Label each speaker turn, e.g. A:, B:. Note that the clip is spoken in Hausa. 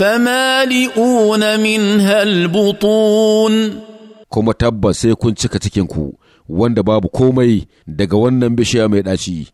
A: فمالئون منها البطون
B: kuma tabbas sai kun cika cikinku wanda babu komai daga wannan bishiya mai ɗaci.